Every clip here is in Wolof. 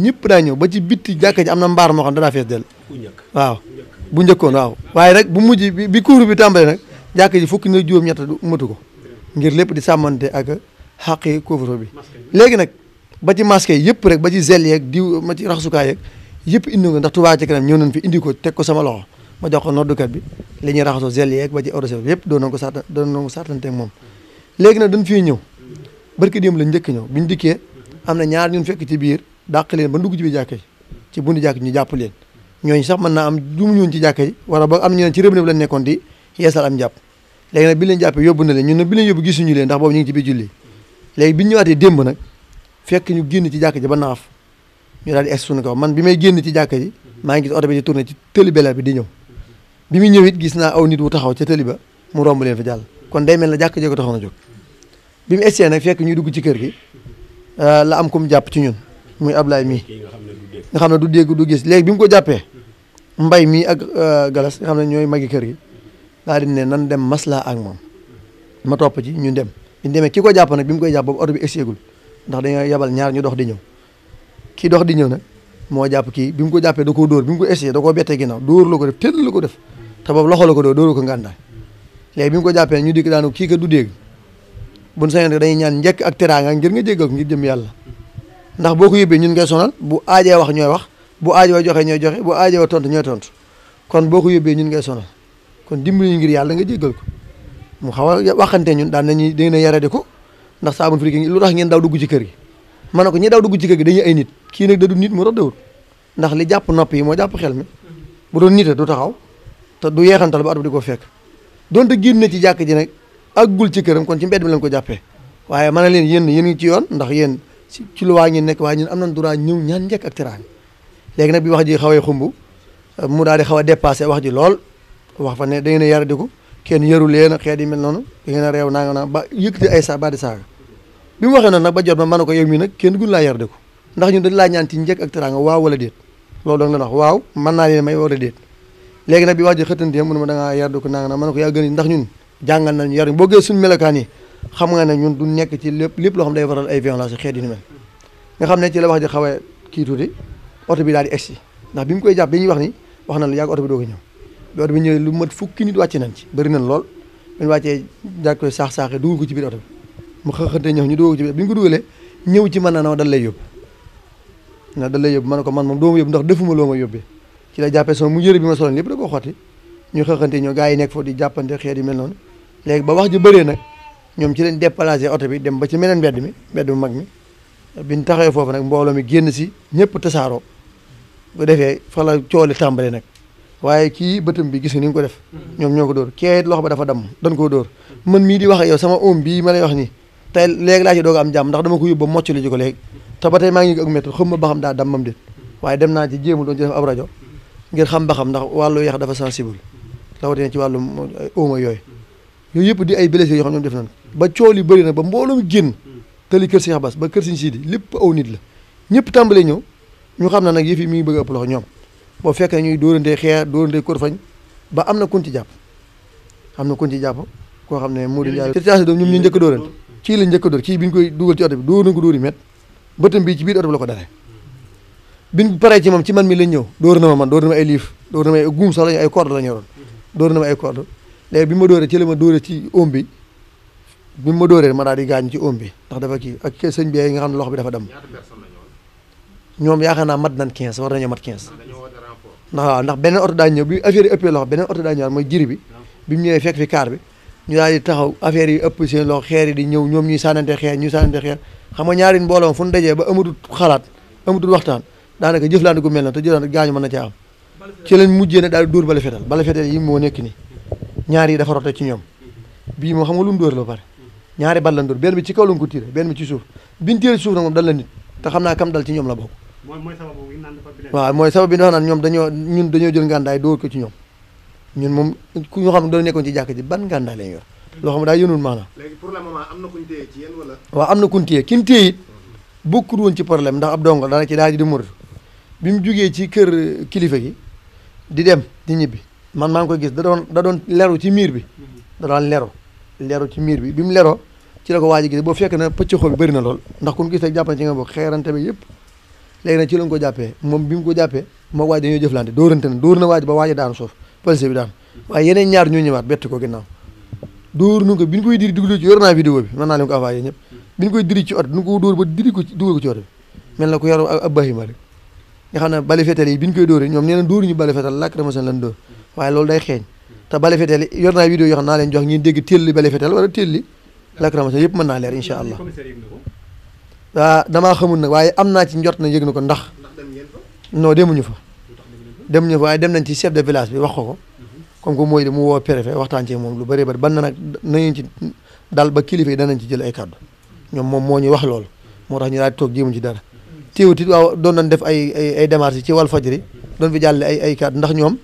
ñëpp daa ñëw ba ci bitti jàkka ji am na mbaar moo xam danaa fees dell waaw bu njëkkoon waaw waaye rek bu mujj bi kuur bi tàmbalee nag jàkka ji fukki na juróom ñett du matu ko ngir lépp di sàmmante ak xàqi couvre-feu bi léegi nag ba ci masque yi yëpp rek ba ci gel yeeg diw ma ci raxasukaay yeeg yëpp indi nga ndax Touba ci kanam ñëw nañ fi indi ko teg ko sama loxo ma jox ko noddukat bi li ñuy raxasoo gel yeeg ba ci eau de javel yëpp doon na ko saata na ko saatante ak moom léegi nag dañ fii ñëw barki démb la njëkk na ñaar ñun fekk ci biir dàq leen ba dugg ci biir jàkka yi ci bundi jàkk ñu jàpp leen ñooñu sax man naa am juum ñun ci jàkka yi wala ba am ñu ne ci rëbb nekkoon di yeesal am jàpp léegi nag bi leen jàppee yóbbu na leen ñun nag bi leen yóbbu gisuñu leen ndax boobu ñu ngi ci biir bi ñu démb nag fekk ñu génn ci jàkka ji ba naaf ñu daal di es suñu kaw man bi may génn ci jàkka ji maa ngi gis oto bi di tourné ci tëli belal di ñëw bi mu ñëw gis naa aw nit wu taxaw ca tëli ba mu romb leen fa jàll kon day mel na jàkk jee ko taxaw na jóg bi mu essayé nag fekk ñuy dugg ci kër gi euh, la am kum jàpp ci ñun muy Ablaye mii nga xam na du dégg du gis léegi bi mu ko jàppee mbay mii ak euh, galas nga xam na ñooy magi kër gi daa di ne nan dem maslaa ak moom ma ci ñu dem biñ ki ko jàpp nag bi mu koy jàpp oto bi egseegul ndax dañoo yebal ñaar ñu dox di ñëw kii dox di ñëw nag moo jàpp kii bi mu ko jàppee da koo dóor bi mu ko essayé da koo bettee ginnaaw dóor la ko def tëll la ko def te ko dóor dóoru ko ngàndaay léegi bi mu ko jàppee ñu dikk daanu kii ka du dégg buñ sañoon dañuy ñaan njëkk ak teraanga ngir nga jéggal ko ngir jëm yàlla ndax boo ko yóbbee ñun ngay sonal bu aajee wax ñooy wax bu aajee wa joxe ñooy joxe bu aajee wa tontu ñooy tontu kon boo ko yóbbee ñun ngay sonal kon dimbali ñu ngir yàlla nga jéggal ko mu xaw a waxante ñun daan nañu dangeen a yarade ko ndax saabun firi lu tax ngeen daw dugg ci kër gi ma ne ko ñi daw dugg ci kër gi dañuy ay nit kii nag da du nit moo tax dawul ndax li jàpp nopp yi moo jàpp xel mi bu doon nite du taxaw te du yeexantal ba at bi di ko fekk donte génn ci jàkk ji nag aggul ci këram kon ci mbedd mi lañ ko jàppee waaye ma ne leen yéen yéen ngi ci yoon ndax yéen ci ci lu waa ngi nekk waaye ñun am na droit ñëw ñaan njëkk ak teraanga léegi nag bi wax ji xawee xumb mu daal di xaw a dépassé wax ji lool wax fa ne da ngeen a yar diku kenn yaru leen xeet yi mel noonu da ngeen a réew naa nga naa ba yëkkati ay sa ba di saaga bi mu nag ba jot ma mën ko yow mii nag kenn gun laa yar ndax ñun dañ laa ñaan ci njëkk ak teraanga waaw wala déet loolu da nga waaw mën naa leen may wala déet léegi nag bi wax ji xëttantee mu ne ma naa nga naa ko yaa ndax ñun jàngal nañu yar boo gën suñu melokaan yi xam nga ne ñun du nekk ci lépp lépp loo xam day waral ay violence xeet yi ni mel nga xam ne ci la wax ji xaw a kii tuuti oto bi daal di si ndax bi mu koy jàpp bi ñuy wax ni wax na la yàgg oto bi doo ko ñëw bi oto bi ñëwee mat fukki wàcce nañ ci bëri nañ lool dañ wàccee daal koy saax-saaxee dugal ko ci biir oto bi mu xëxante ñëw ñu dugal ko ci biir bi ñu ko dugalee ñëw ci mën na naw dal lay yóbbu na dal lay yóbbu man ko man moom doo ma yóbbu ndax defuma loo ma yóbbee ci la jàppee soo mu yëre bi ma soloon lépp da koo xotti ñu xëxante ñoo gars yi nekk foofu di jàppante xeet yi mel noonu léegi ba wax ji bëree nag ñoom ci lañ déplacé oto bi dem ba ci meneen mbedd mi mbedd mu mag mi biñ taxawee foofu nag mbooloo mi génn si ñëpp tasaaroo bu defee fa la cooli tàmbale nag waaye kii bëtam bi gis nga ni nga ko def ñoom ñoo ko dóor kee loxo ba dafa damm dañ koo dóor man mii di wax ak yow sama oom bii ma lay wax nii tey léegi laa ci doo a am jàmm ndax dama ko yóbbu ba mocc li ji ko léegi te maa ngi ak métti xam ma ba xam daa dammam déet waaye dem naa ci jéemul doon ci def ab rajo ngir xam ba xam ndax wàllu yax dafa sensible rawatina ci wàllu ooma yooyu yooyu yëpp di ay blessé yoo xam ñoom def nañ ba cool yi bëri na ba mboolum génn tëli kër Serigne Abass ba kër Serigne Sidi lépp aw nit la ñëpp tàmbale ñëw ñu xam ne nag yëf yi mi ngi bëgg a ëpp loxo ñoom boo fekk ñuy dóorandee xeer dóorandee korfañ ba am na kun ci jàpp am na kun ci jàpp koo xam ne Modou Ndiaye tcag doom ñoom ñu njëkk dóorante ci la njëkk dóor ci bi ñu koy dugal ci oto bi dóor na ko dóor yu met bëtam bi ci biir oto bi la ko dale biñ paree ci moom ci man mi lañ ñëw dóor na man dóor na ma ay liif dóor na ma ay guum sax lañu na ma ay léegi bi ma dóoree ci la ma dóoree ci oom bi bi ma ma daal di gaañ ci oom bi ndax dafa kii ak sëñ bi yi nga xam ne loxo bi dafa dem ñoom yaakaar naa mat nañ 15 war nañoo mat 15 ndax ndax beneen oto daañu ñëw bi affaire yi ëppee loxo beneen oto daañu ñëwaat mooy jiri bi bi ñëwee fekk fi kaar bi ñu daal di taxaw affaire yi ëpp seen loxo xeer yi di ñëw ñoom ñuy sànnante xeer ñuy sànnante xeer xam nga ñaari mbooloo fu dajee ba amatul xalaat amatul waxtaan daanaka jëflante gu mel na te jëflante gaañu mën na caa am ci lañ daal di dóor bala bala fetal yi moo nekk nii ñaari yi dafa rote ci ñoom bii moom xam nga lu mu dóor la pare ñaari bal lañ dóor benn bi ci kaw lañ ko tiré benn bi ci suuf bi ñu tiré suuf nag moom dal nit te xam naa kam dal ci ñoom la bokk waaw mooy sabab bi dafa naan ñoom dañoo ñun dañoo jël ngàndaay dóor ko ci ñoom ñun moom ku ñu xam ne dañu nekkoon ci jàkk ji ban ngàndaay lañ yor loo xam ne daa yónul maanaam waa am na kuñ téye ci yéen wala waaw ci problème ndax ab dongo dana ci daal di di mur bi mu jugee ci kër kilifa gi di dem di ñibbi man maa ngi koy gis da doon da doon leru ci miir bi da doon leru ci miir bi bi mu leroo ci la ko waaj boo fekk na pëcc xoo bi bëri na lool ndax kun gis rek jàpp na ci nga bokk xeerante moom bi mu ko jàppee moo waaj dañoo jëflante dóorante na dóor na ba waaj a daanu suuf police bi daan waaye yeneen ñaar ñoo ñëwaat bett ko ginnaaw dóor nu ko bi koy diri dugal ci yor naa vidéo bi mën naa leen ko avayé ñëpp bi diri ci oto nu ko dóor ba diri ko dugal ko ci oto bi mel na ko yaru ab bahima rek nga xam ne bali fetal yi bi koy dóoree ñoom nee na ñu bali fetal lakk dama seen lan dóor waaye loolu day xeeñ te bale fetel yor naa vidéo yoo naa leen jox ngeen dégg téel li bale fetel wala a li lacrymogène yëpp mën naa leer incha allah waa ah, damaa xamul nag waaye am naa ci njort na yëg na ko ndax non demuñu fa demuñu fa waaye dem nañ ci chef village bi wax ko ko mhm. comme mooy li mu woo préfet waxtaan ci moom lu bëri bëri ban na nag nañu ci daal ba kilifa yi danañ ci jël ay kàddu ñoom moom moo ñu wax loolu moo tax ñu daal di toog jéemuñ ci dara mhm. téewutit waaw doon nañ def ay ay démarches ci wàllu fajri mhm. doon fi jàlle ay ay kàddu ndax ñoom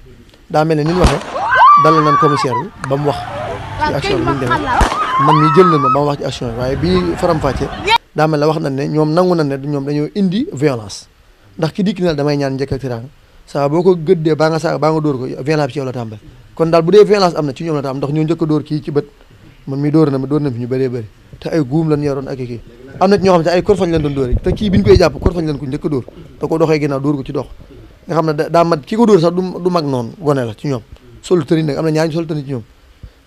daa mel ne ni mu waxee dalal commissaire bi ba mu wax ci action bi ni mu demee man mi ma mu wax ci action bi waaye bii faram-fàccee daa mel ne wax nañ ne ñoom nangu nañ ne ñoom dañoo indi violence ndax ki dikk na damay ñaan njëkk ak tiraanga saa boo ko gëddee baa nga saa baa nga dóor ko violence bi ci yow la tàmbale kon daal bu dee violence am na ci ñoom la tàmbale ndax ñoo njëkk a dóor kii ci bët man mi dóor na ma dóor na fi ñu bëree bëri te ay guum lañ yoroon ak kii am na ci ñoo xam ne ay a dóor te ko dox nga xam ne daa mat ki ko dóor sax du mag noonu gone la ci ñoom solu tëni nag am na ñaari solu tëni ci ñoom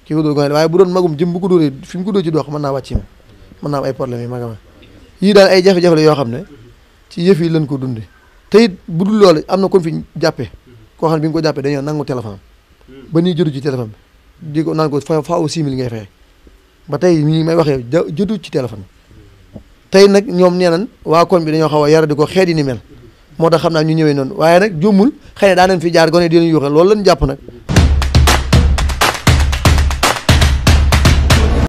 ki ko dóor gone waaye bu doon magum jëm bu ko dóoree fi mu ko dóor ci dox mën naa wàcc ma mën naa am ay problème ay jafe yoo xam ne ci yëf lañ ko dunde te it bu dul loolu am na kon fi jàppee bi nga ko jàppee dañoo nangu téléphone hmm. ba nii jotu ci téléphone bi di ko naan ko fa faaw six mille ngay fay ba tey ñii may waxee jotu ci téléphone tey nag ñoom nee nañ waa koñ bi dañoo xaw a yara di ko xeet yi ni mel moo tax xam naa ñu ñëwee noonu waaye nag juumul xëy na daa nañ fi jaar gone di leen yuuxal loolu lañ jàpp nag